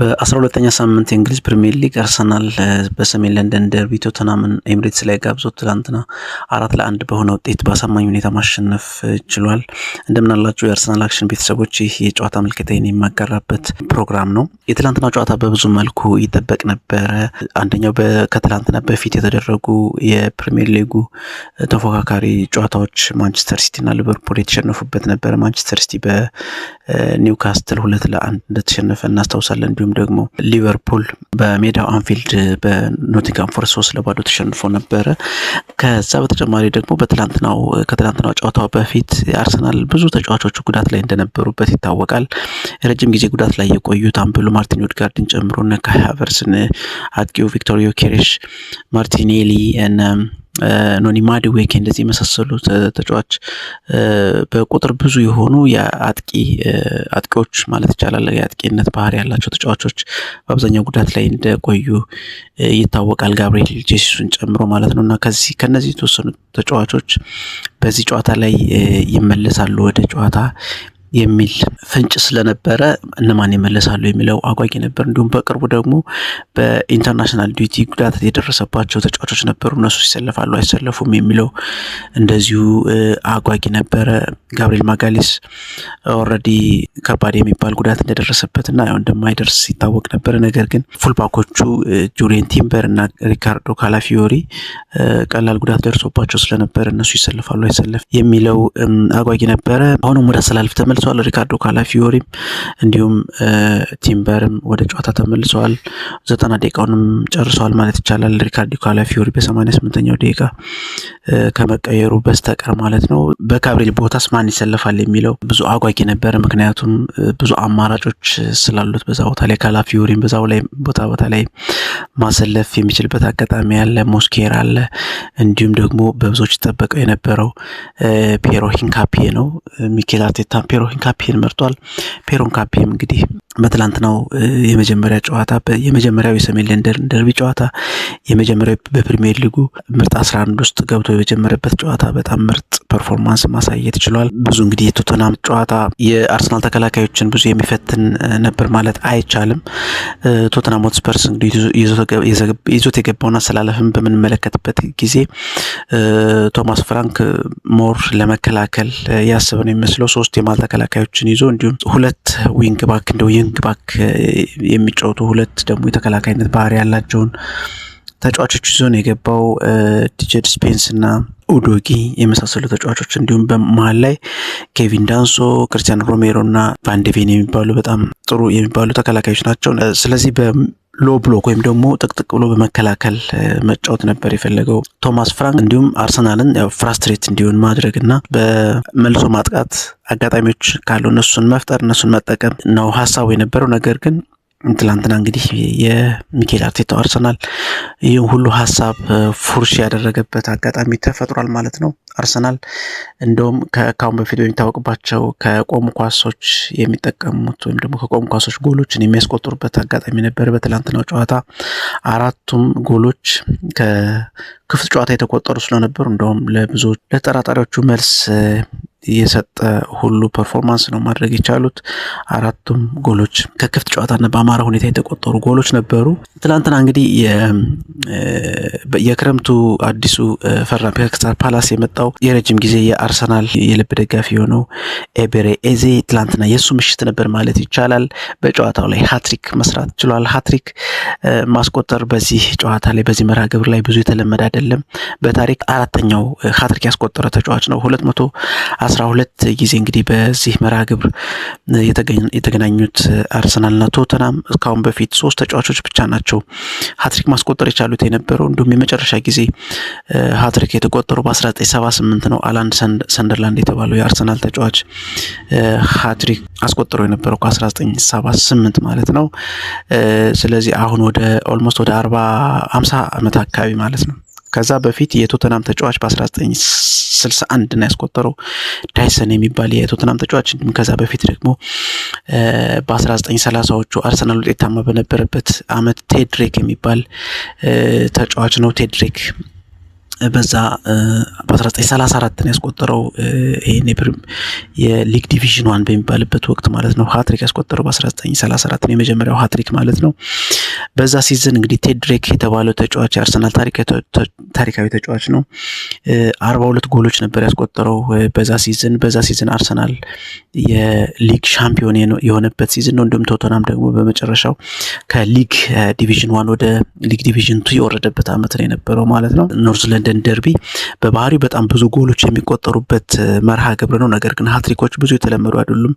በ12ኛ ሳምንት የእንግሊዝ ፕሪሚየር ሊግ አርሰናል በሰሜን ለንደን ደርቢ ቶተናምን ኤምሬትስ ላይ ጋብዞ ትላንትና አራት ለአንድ በሆነ ውጤት በአሳማኝ ሁኔታ ማሸነፍ ችሏል። እንደምናላችሁ የአርሰናል አክሽን ቤተሰቦች ይህ የጨዋታ ምልከታዬን የማጋራበት ፕሮግራም ነው። የትላንትና ጨዋታ በብዙ መልኩ ይጠበቅ ነበረ። አንደኛው ከትላንትና በፊት የተደረጉ የፕሪሚየር ሊጉ ተፎካካሪ ጨዋታዎች ማንቸስተር ሲቲና ሊቨርፑል የተሸነፉበት ነበረ። ማንቸስተር ሲቲ በኒውካስትል ሁለት ለአንድ እንደተሸነፈ እናስታውሳለን። እንዲሁም እንዲሁም ደግሞ ሊቨርፑል በሜዳው አንፊልድ በኖቲንጋም ፎረስት ሶስት ለባዶ ተሸንፎ ነበረ። ከዛ በተጨማሪ ደግሞ በትላንትናው ከትላንትናው ጨዋታው በፊት አርሰናል ብዙ ተጫዋቾቹ ጉዳት ላይ እንደነበሩበት ይታወቃል። ረጅም ጊዜ ጉዳት ላይ የቆዩት አምበሉ ማርቲን ኦዴጋርድን ጨምሮ እነ ካይ አጥቂው ቪክቶር ዮኬሬሽ፣ ማርቲኔሊ ኖኒ ማድዌኬ እንደዚህ የመሳሰሉ ተጫዋች በቁጥር ብዙ የሆኑ የአጥቂ አጥቂዎች ማለት ይቻላል የአጥቂነት ባህሪ ያላቸው ተጫዋቾች በአብዛኛው ጉዳት ላይ እንደቆዩ ይታወቃል። ጋብርኤል ጄሱስን ጨምሮ ማለት ነው እና ከዚህ ከነዚህ የተወሰኑ ተጫዋቾች በዚህ ጨዋታ ላይ ይመለሳሉ ወደ ጨዋታ የሚል ፍንጭ ስለነበረ እነማን ይመለሳሉ የሚለው አጓጊ ነበር። እንዲሁም በቅርቡ ደግሞ በኢንተርናሽናል ዲዩቲ ጉዳት የደረሰባቸው ተጫዋቾች ነበሩ። እነሱ ይሰለፋሉ አይሰለፉም የሚለው እንደዚሁ አጓጊ ነበረ። ጋብሪኤል ማጋሊስ ኦልሬዲ ከባድ የሚባል ጉዳት እንደደረሰበትና ያው እንደማይደርስ ሲታወቅ ነበረ። ነገር ግን ፉልባኮቹ ጁሪየን ቲምበር እና ሪካርዶ ካላፊዮሪ ቀላል ጉዳት ደርሶባቸው ስለነበረ እነሱ ይሰለፋሉ አይሰለፍ የሚለው አጓጊ ነበረ። አሁንም ወደ አሰላልፍ ተመል ተመልሰዋል። ሪካርዶ ካላፊዮሪም እንዲሁም ቲምበርም ወደ ጨዋታ ተመልሰዋል። ዘጠና ደቂቃውንም ጨርሰዋል ማለት ይቻላል። ሪካርዶ ካላፊዮሪ በሰማንያ ስምንተኛው ደቂቃ ከመቀየሩ በስተቀር ማለት ነው። በካብሬል ቦታስ ማን ይሰለፋል የሚለው ብዙ አጓጊ ነበር። ምክንያቱም ብዙ አማራጮች ስላሉት በዛ ቦታ ላይ ካላፊዮሪም በዛው ላይ ቦታ ቦታ ላይ ማሰለፍ የሚችልበት አጋጣሚ አለ። ሞስኬር አለ። እንዲሁም ደግሞ በብዙዎች ይጠበቀው የነበረው ፔሮ ሂንካፔ ነው። ሚኬል ፔሮ ፔሮን መርጧል። ፔሮን ካፒም እንግዲህ በትላንትናው የመጀመሪያ ጨዋታ የመጀመሪያው የሰሜን ለንደን ደርቢ ጨዋታ የመጀመሪያው በፕሪሚየር ሊጉ ምርጥ 11 ውስጥ ገብቶ የጀመረበት ጨዋታ በጣም ምርጥ ፐርፎርማንስ ማሳየት ችሏል። ብዙ እንግዲህ የቶተናም ጨዋታ የአርሰናል ተከላካዮችን ብዙ የሚፈትን ነበር ማለት አይቻልም። ቶተናም ሆትስፐርስ እንግዲህ ይዞት የገባውን አሰላለፍን በምንመለከትበት ጊዜ ቶማስ ፍራንክ ሞር ለመከላከል ያስብ ነው የሚመስለው ሶስት የማል ተከላካዮችን ይዞ እንዲሁም ሁለት ዊንግ ባክ እንደው ዊንግ ባክ የሚጫወቱ ሁለት ደግሞ የተከላካይነት ባህሪ ያላቸውን ተጫዋቾች ይዞን የገባው ዲጀድ ስፔንስ እና ኡዶጊ የመሳሰሉ ተጫዋቾች እንዲሁም በመሀል ላይ ኬቪን ዳንሶ፣ ክርስቲያን ሮሜሮ እና ቫንዴቬን የሚባሉ በጣም ጥሩ የሚባሉ ተከላካዮች ናቸው። ስለዚህ ሎ ብሎክ ወይም ደግሞ ጥቅጥቅ ብሎ በመከላከል መጫወት ነበር የፈለገው ቶማስ ፍራንክ። እንዲሁም አርሰናልን ፍራስትሬት እንዲሆን ማድረግ እና በመልሶ ማጥቃት አጋጣሚዎች ካሉ እነሱን መፍጠር፣ እነሱን መጠቀም ነው ሀሳቡ የነበረው ነገር ግን ትላንትና እንግዲህ የሚኬል አርቴታው አርሰናል ይህ ሁሉ ሀሳብ ፉርሽ ያደረገበት አጋጣሚ ተፈጥሯል ማለት ነው። አርሰናል እንደውም ከካሁን በፊት በሚታወቅባቸው ከቆሙ ኳሶች የሚጠቀሙት ወይም ደግሞ ከቆሙ ኳሶች ጎሎችን የሚያስቆጥሩበት አጋጣሚ ነበር። በትላንትናው ጨዋታ አራቱም ጎሎች ከክፍት ጨዋታ የተቆጠሩ ስለነበሩ እንደውም ለብዙ ለጠራጣሪዎቹ መልስ የሰጠ ሁሉ ፐርፎርማንስ ነው ማድረግ የቻሉት። አራቱም ጎሎች ከክፍት ጨዋታና በአማራ ሁኔታ የተቆጠሩ ጎሎች ነበሩ። ትናንትና እንግዲህ የክረምቱ አዲሱ ፈራሚ ከክስታል ፓላስ የመጣው የረጅም ጊዜ የአርሰናል የልብ ደጋፊ የሆነው ኤቤሬ ኤዜ ትላንትና የእሱ ምሽት ነበር ማለት ይቻላል። በጨዋታው ላይ ሀትሪክ መስራት ችሏል። ሀትሪክ ማስቆጠር በዚህ ጨዋታ ላይ በዚህ መርሃ ግብር ላይ ብዙ የተለመደ አይደለም። በታሪክ አራተኛው ሀትሪክ ያስቆጠረ ተጫዋች ነው ሁለት መቶ አስራ ሁለት ጊዜ እንግዲህ በዚህ መርሃ ግብር የተገናኙት አርሰናልና ቶተናም እስካሁን በፊት ሶስት ተጫዋቾች ብቻ ናቸው ሀትሪክ ማስቆጠር የቻሉት የነበረው። እንዲሁም የመጨረሻ ጊዜ ሀትሪክ የተቆጠረው በ1978 ነው። አላንድ ሰንደርላንድ የተባለው የአርሰናል ተጫዋች ሀትሪክ አስቆጥሮ የነበረው ከ1978 ማለት ነው። ስለዚህ አሁን ወደ ኦልሞስት ወደ አርባ ሃምሳ ዓመት አካባቢ ማለት ነው ከዛ በፊት የቶተናም ተጫዋች በ1961 ነው ያስቆጠረው ዳይሰን የሚባል የቶተናም ተጫዋች፣ እንዲሁም ከዛ በፊት ደግሞ በ1930ዎቹ አርሰናል ውጤታማ በነበረበት አመት ቴድሬክ የሚባል ተጫዋች ነው ቴድሬክ በዛ በ1934 ነው ያስቆጠረው ይሄን የሊግ ዲቪዥን ዋን በሚባልበት ወቅት ማለት ነው። ሀትሪክ ያስቆጠረው በ1934 ነው የመጀመሪያው ሀትሪክ ማለት ነው። በዛ ሲዝን እንግዲህ ቴድ ድሬክ የተባለው ተጫዋች የአርሰናል ታሪካዊ ተጫዋች ነው። አርባ ሁለት ጎሎች ነበር ያስቆጠረው በዛ ሲዝን። በዛ ሲዝን አርሰናል የሊግ ሻምፒዮን የሆነበት ሲዝን ነው። እንዲሁም ቶተናም ደግሞ በመጨረሻው ከሊግ ዲቪዥን ዋን ወደ ሊግ ዲቪዥን ቱ የወረደበት አመት ነው የነበረው ማለት ነው ኖርዝለንድ ለንደን ደርቢ በባህሪው በጣም ብዙ ጎሎች የሚቆጠሩበት መርሃ ግብር ነው። ነገር ግን ሀትሪኮች ብዙ የተለመዱ አይደሉም።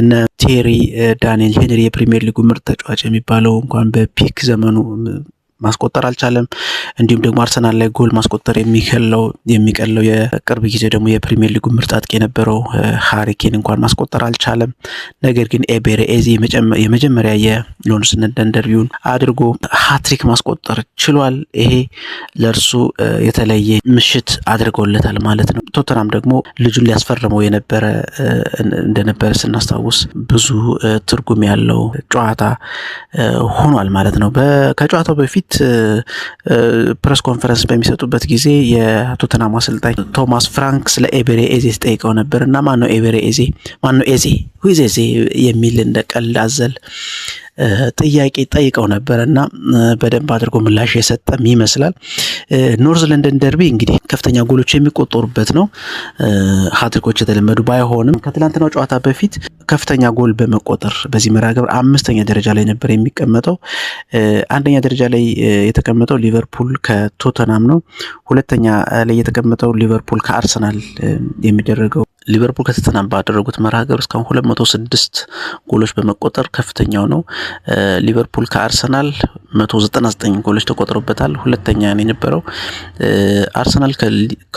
እነ ቴሪ ዳንኤል ሄንሪ የፕሪሚየር ሊጉ ምርጥ ተጫዋች የሚባለው እንኳን በፒክ ዘመኑ ማስቆጠር አልቻለም። እንዲሁም ደግሞ አርሰናል ላይ ጎል ማስቆጠር የሚከለው የሚቀለው የቅርብ ጊዜ ደግሞ የፕሪሚየር ሊጉ ምርጥ አጥቂ የነበረው ሀሪኬን እንኳን ማስቆጠር አልቻለም። ነገር ግን ኤቤሬ ኤዚ የመጀመሪያ የሎንስነት ደንደርቢውን አድርጎ ሀትሪክ ማስቆጠር ችሏል። ይሄ ለእርሱ የተለየ ምሽት አድርገውለታል ማለት ነው። ቶተናም ደግሞ ልጁን ሊያስፈርመው የነበረ እንደነበረ ስናስታውስ ብዙ ትርጉም ያለው ጨዋታ ሆኗል ማለት ነው። ከጨዋታው በፊት ምሽት ፕሬስ ኮንፈረንስ በሚሰጡበት ጊዜ የቶተናም አሰልጣኝ ቶማስ ፍራንክ ስለ ኤቤሬ ኤዜ ተጠይቀው ነበር እና ማነው ኤቤሬ ኤዜ ማነው ኤዜ ሁይዜ ኤዜ የሚል እንደ ቀልድ አዘል ጥያቄ ጠይቀው ነበረ እና በደንብ አድርጎ ምላሽ የሰጠም ይመስላል። ኖርዝ ለንደን ደርቢ እንግዲህ ከፍተኛ ጎሎች የሚቆጠሩበት ነው። ሀትሪኮች የተለመዱ ባይሆንም ከትላንትናው ጨዋታ በፊት ከፍተኛ ጎል በመቆጠር በዚህ መርሃ ግብር አምስተኛ ደረጃ ላይ ነበር የሚቀመጠው። አንደኛ ደረጃ ላይ የተቀመጠው ሊቨርፑል ከቶተናም ነው። ሁለተኛ ላይ የተቀመጠው ሊቨርፑል ከአርሰናል የሚደረገው ሊቨርፑል ከቶተንሃም ባደረጉት መርሃ ግብር እስካሁን ሁለት መቶ ስድስት ጎሎች በመቆጠር ከፍተኛው ነው። ሊቨርፑል ከአርሰናል መቶ ዘጠና ዘጠኝ ጎሎች ተቆጥሮበታል፣ ሁለተኛ ነው የነበረው። አርሰናል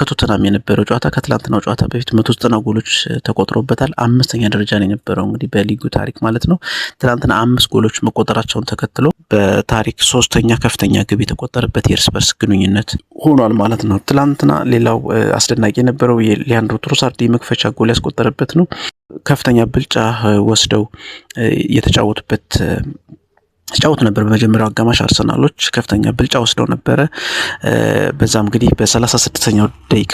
ከቶተናም የነበረው ጨዋታ ከትላንትናው ጨዋታ በፊት መቶ ዘጠና ጎሎች ተቆጥሮበታል፣ አምስተኛ ደረጃ ነው የነበረው እንግዲህ በሊጉ ታሪክ ማለት ነው። ትላንትና አምስት ጎሎች መቆጠራቸውን ተከትሎ በታሪክ ሶስተኛ ከፍተኛ ግብ የተቆጠረበት የእርስ በርስ ግንኙነት ሆኗል ማለት ነው። ትላንትና ሌላው አስደናቂ የነበረው የሊያንድሮ ትሮሳርድ የመክፈቻ ጎል ያስቆጠረበት ነው። ከፍተኛ ብልጫ ወስደው የተጫወቱበት ተጫወት ነበር። በመጀመሪያው አጋማሽ አርሰናሎች ከፍተኛ ብልጫ ወስደው ነበረ። በዛ እንግዲህ በሰላሳ ስድስተኛው ደቂቃ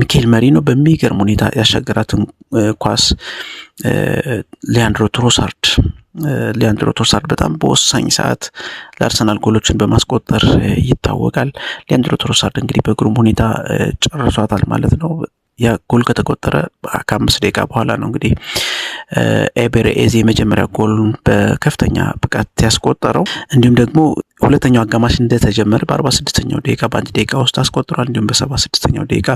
ሚካኤል መሪኖ በሚገርም ሁኔታ ያሻገራትን ኳስ ሊያንድሮ ትሮሳርድ ሊያንድሮ ትሮሳርድ በጣም በወሳኝ ሰዓት ለአርሰናል ጎሎችን በማስቆጠር ይታወቃል። ሊያንድሮ ትሮሳርድ እንግዲህ በግሩም ሁኔታ ጨርሷታል ማለት ነው። ያ ጎል ከተቆጠረ ከአምስት ደቂቃ በኋላ ነው እንግዲህ ኤቤሬ ኤዜ የመጀመሪያ ጎሉን በከፍተኛ ብቃት ያስቆጠረው እንዲሁም ደግሞ ሁለተኛው አጋማሽ እንደተጀመረ በአርባ ስድስተኛው ደቂቃ በአንድ ደቂቃ ውስጥ አስቆጥሯል። እንዲሁም በሰባ ስድስተኛው ደቂቃ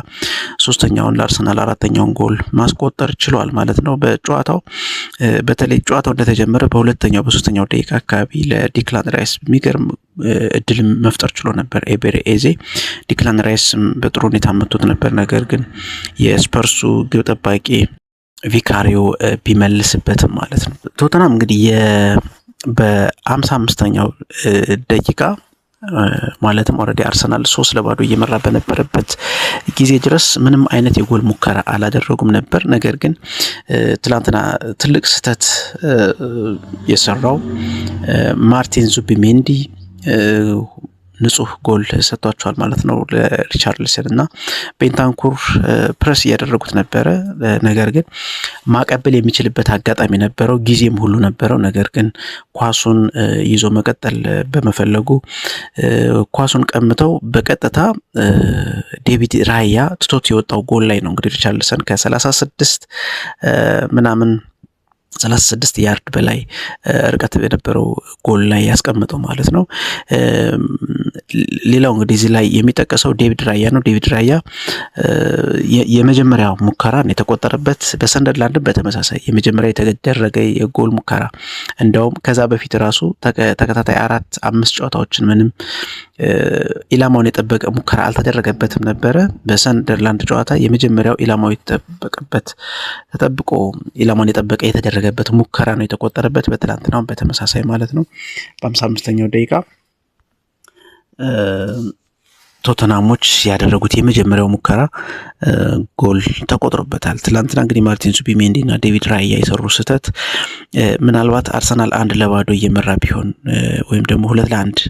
ሶስተኛውን ለአርሰናል አራተኛውን ጎል ማስቆጠር ችሏል ማለት ነው። በጨዋታው በተለይ ጨዋታው እንደተጀመረ በሁለተኛው በሶስተኛው ደቂቃ አካባቢ ለዲክላን ራይስ የሚገርም እድልም መፍጠር ችሎ ነበር ኤቤሬ ኤዜ። ዲክላን ራይስም በጥሩ ሁኔታ መቶት ነበር። ነገር ግን የስፐርሱ ግብ ጠባቂ ቪካሪዮ ቢመልስበትም ማለት ነው። ቶተናም እንግዲህ በአምሳ አምስተኛው ደቂቃ ማለትም ኦልሬዲ አርሰናል ሶስት ለባዶ እየመራ በነበረበት ጊዜ ድረስ ምንም አይነት የጎል ሙከራ አላደረጉም ነበር። ነገር ግን ትላንትና ትልቅ ስህተት የሰራው ማርቲን ዙቢሜንዲ ንጹህ ጎል ሰጥቷቸዋል ማለት ነው ለሪቻርልሰን እና ቤንታንኩር ፕረስ እያደረጉት ነበረ። ነገር ግን ማቀበል የሚችልበት አጋጣሚ ነበረው፣ ጊዜም ሁሉ ነበረው። ነገር ግን ኳሱን ይዞ መቀጠል በመፈለጉ ኳሱን ቀምተው በቀጥታ ዴቪድ ራያ ትቶት የወጣው ጎል ላይ ነው እንግዲህ ሪቻርልሰን ከሰላሳ ስድስት ምናምን ሰላሳ ስድስት ያርድ በላይ እርቀት የነበረው ጎል ላይ ያስቀምጠው ማለት ነው። ሌላው እንግዲህ እዚህ ላይ የሚጠቀሰው ዴቪድ ራያ ነው። ዴቪድ ራያ የመጀመሪያ ሙከራን የተቆጠረበት በሰንደርላንድም በተመሳሳይ የመጀመሪያ የተደረገ የጎል ሙከራ እንደውም ከዛ በፊት ራሱ ተከታታይ አራት አምስት ጨዋታዎችን ምንም ኢላማውን የጠበቀ ሙከራ አልተደረገበትም ነበረ። በሰንደርላንድ ጨዋታ የመጀመሪያው ኢላማው የተጠበቀበት ተጠብቆ ኢላማውን የጠበቀ የተደረገበት ሙከራ ነው የተቆጠረበት። በትላንትናው በተመሳሳይ ማለት ነው በ 5 ኛው ደቂቃ ቶተናሞች ያደረጉት የመጀመሪያው ሙከራ ጎል ተቆጥሮበታል። ትላንትና እንግዲህ ማርቲን ዙቢሜንዲ እና ዴቪድ ራያ የሰሩ ስህተት ምናልባት አርሰናል አንድ ለባዶ እየመራ ቢሆን ወይም ደግሞ ሁለት ለአንድ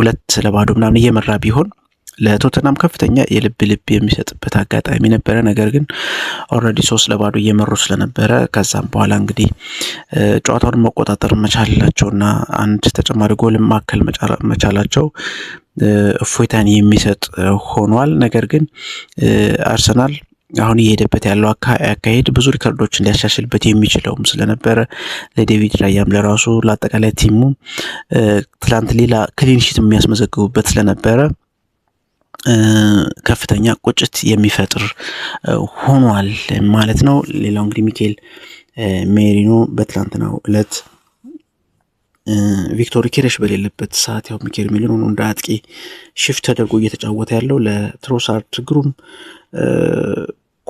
ሁለት ለባዶ ምናምን እየመራ ቢሆን ለቶተናም ከፍተኛ የልብ ልብ የሚሰጥበት አጋጣሚ ነበረ። ነገር ግን ኦልሬዲ ሶስት ለባዶ እየመሩ ስለነበረ ከዛም በኋላ እንግዲህ ጨዋታውን መቆጣጠር መቻላቸውና አንድ ተጨማሪ ጎልም ማከል መቻላቸው እፎይታን የሚሰጥ ሆኗል። ነገር ግን አርሰናል አሁን እየሄደበት ያለው አካሄድ ብዙ ሪከርዶችን ሊያሻሽልበት የሚችለውም ስለነበረ ለዴቪድ ራያም ለራሱ ለአጠቃላይ ቲሙ ትላንት ሌላ ክሊንሺት የሚያስመዘግቡበት ስለነበረ ከፍተኛ ቁጭት የሚፈጥር ሆኗል ማለት ነው። ሌላው እንግዲህ ሚኬል ሜሪኖ በትላንትናው ዕለት ቪክቶር ኬሬሽ በሌለበት ሰዓት ያው ሚኬል ሜሪኖ ነው እንደ አጥቂ ሽፍት ተደርጎ እየተጫወተ ያለው። ለትሮሳርድ ግሩም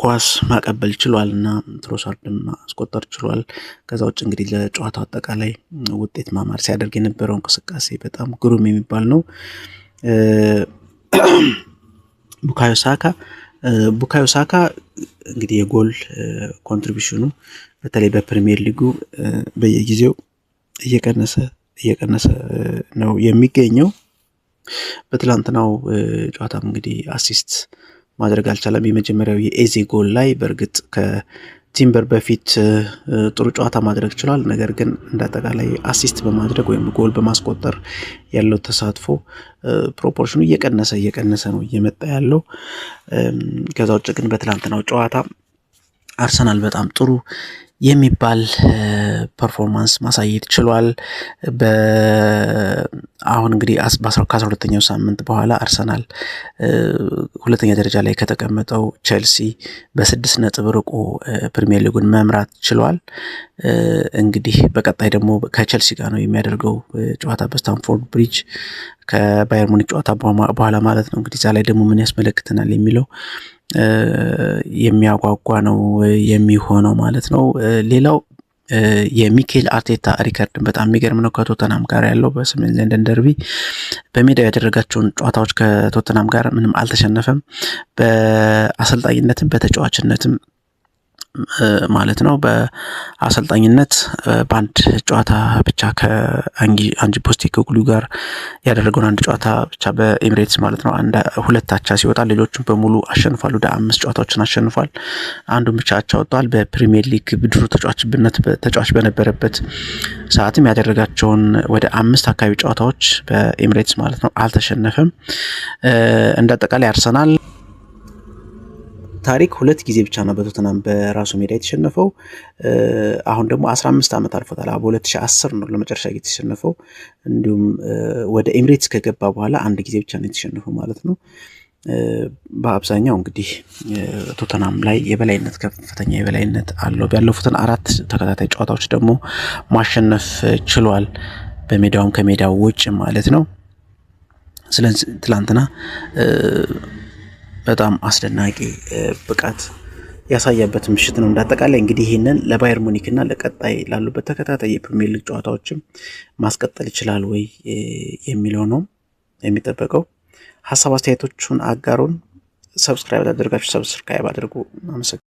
ኳስ ማቀበል ችሏል እና ትሮሳርድ ማስቆጠር ችሏል። ከዛ ውጭ እንግዲህ ለጨዋታው አጠቃላይ ውጤት ማማር ሲያደርግ የነበረው እንቅስቃሴ በጣም ግሩም የሚባል ነው። ቡካዮ ሳካ ቡካዮ ሳካ እንግዲህ የጎል ኮንትሪቢሽኑ በተለይ በፕሪሚየር ሊጉ በየጊዜው እየቀነሰ እየቀነሰ ነው የሚገኘው። በትላንትናው ጨዋታም እንግዲህ አሲስት ማድረግ አልቻለም። የመጀመሪያው የኤዜ ጎል ላይ በእርግጥ ከቲምበር በፊት ጥሩ ጨዋታ ማድረግ ችሏል። ነገር ግን እንደ አጠቃላይ አሲስት በማድረግ ወይም ጎል በማስቆጠር ያለው ተሳትፎ ፕሮፖርሽኑ እየቀነሰ እየቀነሰ ነው እየመጣ ያለው። ከዛ ውጭ ግን በትላንትናው ጨዋታ አርሰናል በጣም ጥሩ የሚባል ፐርፎርማንስ ማሳየት ችሏል። አሁን እንግዲህ ከአስራ ሁለተኛው ሳምንት በኋላ አርሰናል ሁለተኛ ደረጃ ላይ ከተቀመጠው ቼልሲ በስድስት ነጥብ ርቆ ፕሪሚየር ሊጉን መምራት ችሏል። እንግዲህ በቀጣይ ደግሞ ከቼልሲ ጋር ነው የሚያደርገው ጨዋታ በስታንፎርድ ብሪጅ ከባየር ሙኒክ ጨዋታ በኋላ ማለት ነው። እንግዲህ እዛ ላይ ደግሞ ምን ያስመለክተናል የሚለው የሚያጓጓ ነው የሚሆነው ማለት ነው። ሌላው የሚኬል አርቴታ ሪከርድን በጣም የሚገርም ነው። ከቶተናም ጋር ያለው በሰሜን ለንደን ደርቢ በሜዳ ያደረጋቸውን ጨዋታዎች ከቶተናም ጋር ምንም አልተሸነፈም። በአሰልጣኝነትም በተጫዋችነትም ማለት ነው። በአሰልጣኝነት በአንድ ጨዋታ ብቻ ከአንጅ ፖስቴኮግሉ ጋር ያደረገውን አንድ ጨዋታ ብቻ በኤሚሬትስ ማለት ነው አንድ ሁለት አቻ ሲወጣ ሌሎቹን በሙሉ አሸንፏል። ወደ አምስት ጨዋታዎችን አሸንፏል። አንዱን ብቻ አቻ ወጥቷል። በፕሪሚየር ሊግ ብድሩ ተጫዋችነት ተጫዋች በነበረበት ሰዓትም ያደረጋቸውን ወደ አምስት አካባቢ ጨዋታዎች በኤምሬትስ ማለት ነው አልተሸነፈም። እንደ አጠቃላይ አርሰናል ታሪክ ሁለት ጊዜ ብቻ ነው በቶተናም በራሱ ሜዳ የተሸነፈው። አሁን ደግሞ 15 ዓመት አልፎታል። በ2010 ነው ለመጨረሻ ጊዜ የተሸነፈው። እንዲሁም ወደ ኤምሬትስ ከገባ በኋላ አንድ ጊዜ ብቻ ነው የተሸነፈው ማለት ነው። በአብዛኛው እንግዲህ ቶተናም ላይ የበላይነት ከፍተኛ የበላይነት አለው። ያለፉትን አራት ተከታታይ ጨዋታዎች ደግሞ ማሸነፍ ችሏል። በሜዳውም ከሜዳው ውጭ ማለት ነው። ስለዚህ ትላንትና በጣም አስደናቂ ብቃት ያሳያበት ምሽት ነው። እንዳጠቃላይ እንግዲህ ይህንን ለባየር ሙኒክ እና ለቀጣይ ላሉበት ተከታታይ የፕሪሚየር ሊግ ጨዋታዎችም ማስቀጠል ይችላል ወይ የሚለው ነው የሚጠበቀው። ሀሳብ አስተያየቶቹን አጋሩን። ሰብስክራይብ አድርጋችሁ ሰብስክራይብ አድርጉ። አመሰግናለሁ።